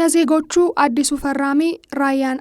የዜጎቹ አዲሱ ፈራሚ ራያን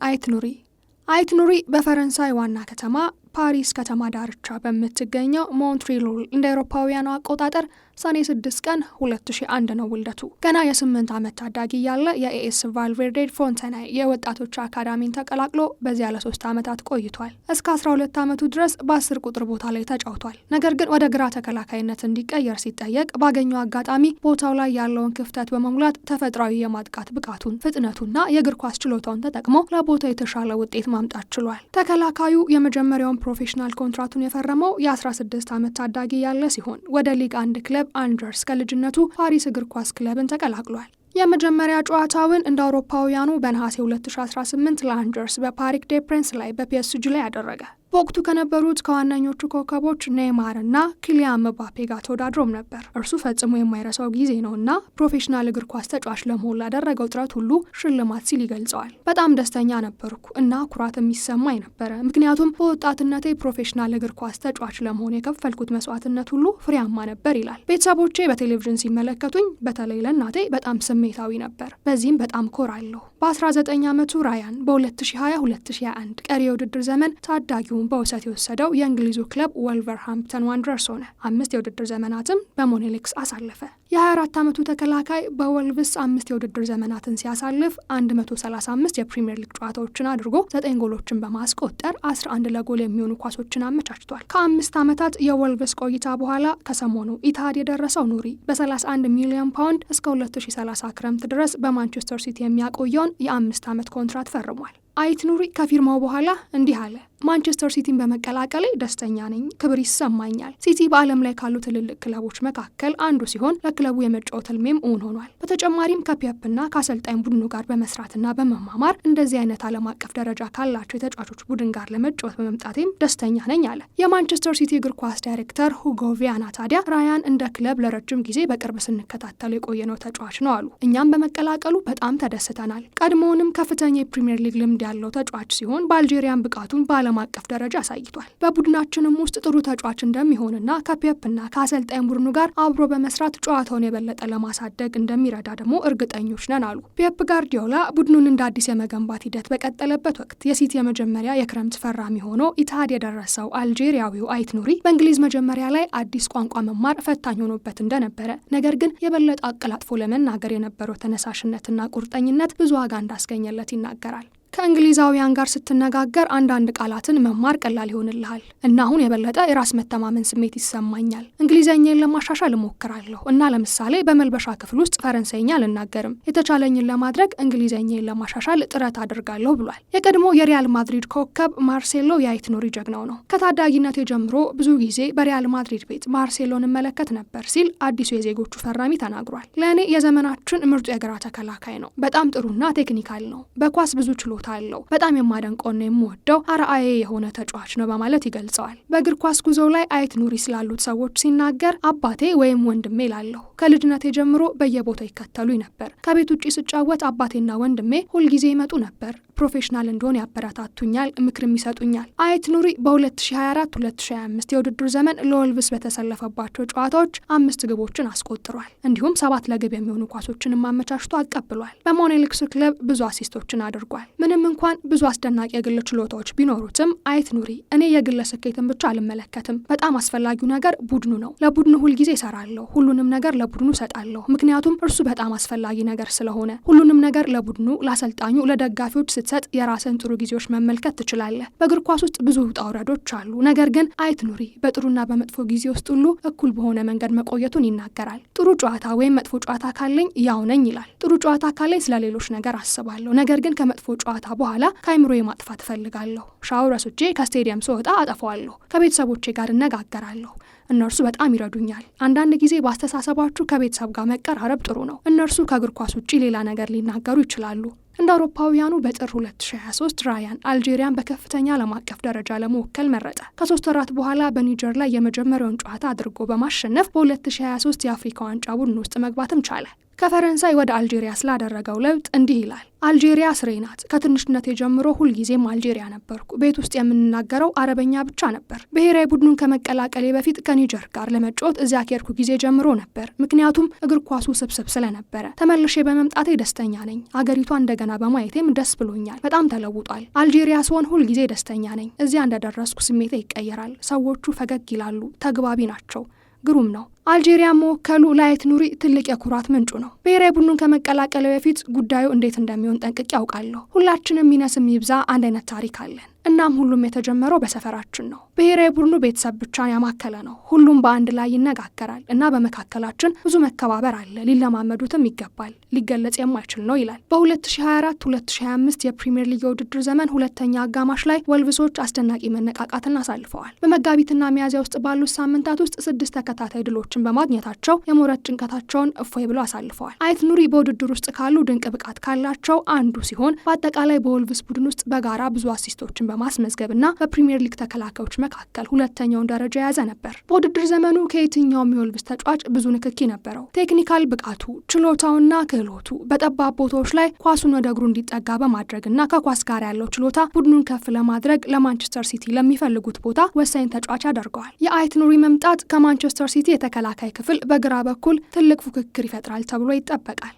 አይት ኑሪ በፈረንሳይ ዋና ከተማ ፓሪስ ከተማ ዳርቻ በምትገኘው ሞንትሪሎል እንደ አውሮፓውያኑ አቆጣጠር ሰኔ 6 ቀን 2001 ነው ውልደቱ። ገና የስምንት ዓመት ታዳጊ ያለ የኤኤስ ቫልቬርዴድ ፎንተናይ የወጣቶች አካዳሚን ተቀላቅሎ በዚያ ለ3 ዓመታት ቆይቷል። እስከ 12 ዓመቱ ድረስ በአስር ቁጥር ቦታ ላይ ተጫውቷል። ነገር ግን ወደ ግራ ተከላካይነት እንዲቀየር ሲጠየቅ ባገኘው አጋጣሚ ቦታው ላይ ያለውን ክፍተት በመሙላት ተፈጥሯዊ የማጥቃት ብቃቱን፣ ፍጥነቱና የእግር ኳስ ችሎታውን ተጠቅሞ ለቦታ የተሻለ ውጤት ማምጣት ችሏል። ተከላካዩ የመጀመሪያውን ፕሮፌሽናል ኮንትራቱን የፈረመው የ16 ዓመት ታዳጊ ያለ ሲሆን ወደ ሊግ አንድ ክለብ አንጀርስ ከልጅነቱ ፓሪስ እግር ኳስ ክለብን ተቀላቅሏል። የመጀመሪያ ጨዋታውን እንደ አውሮፓውያኑ በነሐሴ 2018 ለአንጀርስ በፓሪክ ዴ ፕሬንስ ላይ በፒኤስጂ ላይ ያደረገ በወቅቱ ከነበሩት ከዋነኞቹ ኮከቦች እና ኪሊያን መባፔ ጋር ተወዳድሮም ነበር። እርሱ ፈጽሞ የማይረሳው ጊዜ ነው እና ፕሮፌሽናል እግር ኳስ ተጫዋች ለመሆን ላደረገው ጥረት ሁሉ ሽልማት ሲል ይገልጸዋል። በጣም ደስተኛ ነበርኩ እና ኩራት የሚሰማኝ ነበረ፣ ምክንያቱም በወጣትነቴ ፕሮፌሽናል እግር ኳስ ተጫዋች ለመሆን የከፈልኩት መስዋዕትነት ሁሉ ፍሬያማ ነበር ይላል። ቤተሰቦቼ በቴሌቪዥን ሲመለከቱኝ፣ በተለይ ለእናቴ በጣም ስሜታዊ ነበር። በዚህም በጣም ኮራለሁ። በ19 ዓመቱ ራያን በ2020-2021 ቀሪ የውድድር ዘመን ታዳጊውን በውሰት የወሰደው የእንግሊዙ ክለብ ወልቨርሃምፕተን ዋንድረርስ ሆነ። አምስት የውድድር ዘመናትም በሞኔሌክስ አሳለፈ። የ24 ዓመቱ ተከላካይ በወልቭስ አምስት የውድድር ዘመናትን ሲያሳልፍ 135 የፕሪምየር ሊግ ጨዋታዎችን አድርጎ 9 ጎሎችን በማስቆጠር 11 ለጎል የሚሆኑ ኳሶችን አመቻችቷል። ከአምስት ዓመታት የወልቭስ ቆይታ በኋላ ከሰሞኑ ኢትሃድ የደረሰው ኑሪ በ31 ሚሊዮን ፓውንድ እስከ 2030 ክረምት ድረስ በማንቸስተር ሲቲ የሚያቆየውን የአምስት ዓመት ኮንትራት ፈርሟል። አይት ኑሪ ከፊርማው በኋላ እንዲህ አለ። ማንቸስተር ሲቲን በመቀላቀሌ ደስተኛ ነኝ፣ ክብር ይሰማኛል። ሲቲ በዓለም ላይ ካሉ ትልልቅ ክለቦች መካከል አንዱ ሲሆን ለክለቡ የመጫወት ህልሜም እውን ሆኗል። በተጨማሪም ከፔፕና ከአሰልጣኝ ቡድኑ ጋር በመስራትና በመማማር እንደዚህ አይነት ዓለም አቀፍ ደረጃ ካላቸው የተጫዋቾች ቡድን ጋር ለመጫወት በመምጣቴም ደስተኛ ነኝ አለ። የማንቸስተር ሲቲ እግር ኳስ ዳይሬክተር ሁጎ ቪያና ታዲያ ራያን እንደ ክለብ ለረጅም ጊዜ በቅርብ ስንከታተሉ የቆየነው ተጫዋች ነው አሉ። እኛም በመቀላቀሉ በጣም ተደስተናል። ቀድሞውንም ከፍተኛ የፕሪምየር ሊግ ልምድ ያለው ተጫዋች ሲሆን በአልጄሪያን ብቃቱን በ። በዓለም አቀፍ ደረጃ አሳይቷል። በቡድናችንም ውስጥ ጥሩ ተጫዋች እንደሚሆንና ከፔፕና ከአሰልጣኝ ቡድኑ ጋር አብሮ በመስራት ጨዋታውን የበለጠ ለማሳደግ እንደሚረዳ ደግሞ እርግጠኞች ነን አሉ። ፔፕ ጋርዲዮላ ቡድኑን እንደ አዲስ የመገንባት ሂደት በቀጠለበት ወቅት የሲቲ የመጀመሪያ የክረምት ፈራሚ ሆኖ ኢትሃድ የደረሰው አልጄሪያዊው አይት ኑሪ በእንግሊዝ መጀመሪያ ላይ አዲስ ቋንቋ መማር ፈታኝ ሆኖበት እንደነበረ፣ ነገር ግን የበለጠ አቀላጥፎ ለመናገር የነበረው ተነሳሽነትና ቁርጠኝነት ብዙ ዋጋ እንዳስገኘለት ይናገራል። ከእንግሊዛውያን ጋር ስትነጋገር አንዳንድ ቃላትን መማር ቀላል ይሆንልሃል እና አሁን የበለጠ የራስ መተማመን ስሜት ይሰማኛል። እንግሊዘኛን ለማሻሻል እሞክራለሁ እና ለምሳሌ በመልበሻ ክፍል ውስጥ ፈረንሳይኛ አልናገርም። የተቻለኝን ለማድረግ እንግሊዘኛን ለማሻሻል ጥረት አድርጋለሁ ብሏል። የቀድሞ የሪያል ማድሪድ ኮከብ ማርሴሎ የአይት ኖሪ ጀግናው ነው። ከታዳጊነቴ ጀምሮ ብዙ ጊዜ በሪያል ማድሪድ ቤት ማርሴሎን እመለከት ነበር ሲል አዲሱ የዜጎቹ ፈራሚ ተናግሯል። ለእኔ የዘመናችን ምርጡ የግራ ተከላካይ ነው። በጣም ጥሩና ቴክኒካል ነው። በኳስ ብዙ ችሎ ቦታ አለው። በጣም የማደንቀውና የምወደው አርአዬ የሆነ ተጫዋች ነው በማለት ይገልጸዋል። በእግር ኳስ ጉዞው ላይ አይት ኑሪ ስላሉት ሰዎች ሲናገር አባቴ ወይም ወንድሜ ላለሁ ከልጅነቴ ጀምሮ በየቦታው ይከተሉኝ ነበር። ከቤት ውጭ ስጫወት አባቴና ወንድሜ ሁልጊዜ ይመጡ ነበር። ፕሮፌሽናል እንደሆን ያበረታቱኛል፣ ምክርም ይሰጡኛል። አየት ኑሪ በ2024 2025 የውድድር ዘመን ለወልቭስ በተሰለፈባቸው ጨዋታዎች አምስት ግቦችን አስቆጥሯል። እንዲሁም ሰባት ለግብ የሚሆኑ ኳሶችንም አመቻችቶ አቀብሏል። በሞኔልክስ ክለብ ብዙ አሲስቶችን አድርጓል። ምንም እንኳን ብዙ አስደናቂ የግል ችሎታዎች ቢኖሩትም አይት ኑሪ እኔ የግል ስኬትን ብቻ አልመለከትም። በጣም አስፈላጊው ነገር ቡድኑ ነው። ለቡድኑ ሁልጊዜ እሰራለሁ። ሁሉንም ነገር ለቡድኑ እሰጣለሁ፣ ምክንያቱም እርሱ በጣም አስፈላጊ ነገር ስለሆነ። ሁሉንም ነገር ለቡድኑ፣ ለአሰልጣኙ፣ ለደጋፊዎች ስትሰጥ የራስን ጥሩ ጊዜዎች መመልከት ትችላለህ። በእግር ኳስ ውስጥ ብዙ ውጣ ውረዶች አሉ፣ ነገር ግን አይት ኑሪ በጥሩና በመጥፎ ጊዜ ውስጥ ሁሉ እኩል በሆነ መንገድ መቆየቱን ይናገራል። ጥሩ ጨዋታ ወይም መጥፎ ጨዋታ ካለኝ ያው ነኝ ይላል። ጥሩ ጨዋታ ካለኝ ስለ ሌሎች ነገር አስባለሁ፣ ነገር ግን ከመጥፎ ጨዋታ ጨዋታ በኋላ ከአይምሮ የማጥፋት እፈልጋለሁ። ሻወር ወስጄ ከስቴዲየም ስወጣ አጠፋዋለሁ። ከቤተሰቦቼ ጋር እነጋገራለሁ። እነርሱ በጣም ይረዱኛል። አንዳንድ ጊዜ በአስተሳሰባችሁ ከቤተሰብ ጋር መቀራረብ ጥሩ ነው። እነርሱ ከእግር ኳስ ውጪ ሌላ ነገር ሊናገሩ ይችላሉ። እንደ አውሮፓውያኑ በጥር 2023 ራያን አልጄሪያን በከፍተኛ ዓለም አቀፍ ደረጃ ለመወከል መረጠ። ከሶስት ወራት በኋላ በኒጀር ላይ የመጀመሪያውን ጨዋታ አድርጎ በማሸነፍ በ2023 የአፍሪካ ዋንጫ ቡድን ውስጥ መግባትም ቻለ። ከፈረንሳይ ወደ አልጄሪያ ስላደረገው ለውጥ እንዲህ ይላል። አልጄሪያ ስሬ ናት። ከትንሽነቴ ጀምሮ ሁልጊዜም አልጄሪያ ነበርኩ። ቤት ውስጥ የምንናገረው አረበኛ ብቻ ነበር። ብሔራዊ ቡድኑን ከመቀላቀሌ በፊት ከኒጀር ጋር ለመጫወት እዚያ ከሄድኩ ጊዜ ጀምሮ ነበር፣ ምክንያቱም እግር ኳሱ ስብስብ ስለነበረ። ተመልሼ በመምጣቴ ደስተኛ ነኝ። አገሪቷ እንደገና በማየቴም ደስ ብሎኛል። በጣም ተለውጧል። አልጄሪያ ስሆን ሁልጊዜ ደስተኛ ነኝ። እዚያ እንደደረስኩ ስሜቴ ይቀየራል። ሰዎቹ ፈገግ ይላሉ፣ ተግባቢ ናቸው። ግሩም ነው። አልጄሪያ መወከሉ ላየት ኑሪ ትልቅ የኩራት ምንጩ ነው። ብሔራዊ ቡድኑን ከመቀላቀለው በፊት ጉዳዩ እንዴት እንደሚሆን ጠንቅቄ ያውቃለሁ። ሁላችንም ይነስም ይብዛ አንድ አይነት ታሪክ አለን። እናም ሁሉም የተጀመረው በሰፈራችን ነው። ብሔራዊ ቡድኑ ቤተሰብ ብቻ ያማከለ ነው። ሁሉም በአንድ ላይ ይነጋገራል እና በመካከላችን ብዙ መከባበር አለ። ሊለማመዱትም ይገባል። ሊገለጽ የማይችል ነው ይላል። በ2024 2025 የፕሪምየር ሊግ የውድድር ዘመን ሁለተኛ አጋማሽ ላይ ወልብሶች አስደናቂ መነቃቃትን አሳልፈዋል። በመጋቢትና ሚያዝያ ውስጥ ባሉት ሳምንታት ውስጥ ስድስት ተከታታይ ድሎችን በማግኘታቸው የሞረት ጭንቀታቸውን እፎይ ብለው አሳልፈዋል። አይት ኑሪ በውድድር ውስጥ ካሉ ድንቅ ብቃት ካላቸው አንዱ ሲሆን በአጠቃላይ በወልብስ ቡድን ውስጥ በጋራ ብዙ አሲስቶችን በማስመዝገብ እና በፕሪምየር ሊግ ተከላካዮች መካከል ሁለተኛውን ደረጃ የያዘ ነበር። በውድድር ዘመኑ ከየትኛውም የወልቭስ ተጫዋች ብዙ ንክኪ ነበረው። ቴክኒካል ብቃቱ፣ ችሎታውና ክህሎቱ በጠባብ ቦታዎች ላይ ኳሱን ወደ እግሩ እንዲጠጋ በማድረግና ከኳስ ጋር ያለው ችሎታ ቡድኑን ከፍ ለማድረግ ለማንቸስተር ሲቲ ለሚፈልጉት ቦታ ወሳኝ ተጫዋች ያደርገዋል። የአይት ኑሪ መምጣት ከማንቸስተር ሲቲ የተከላካይ ክፍል በግራ በኩል ትልቅ ፉክክር ይፈጥራል ተብሎ ይጠበቃል።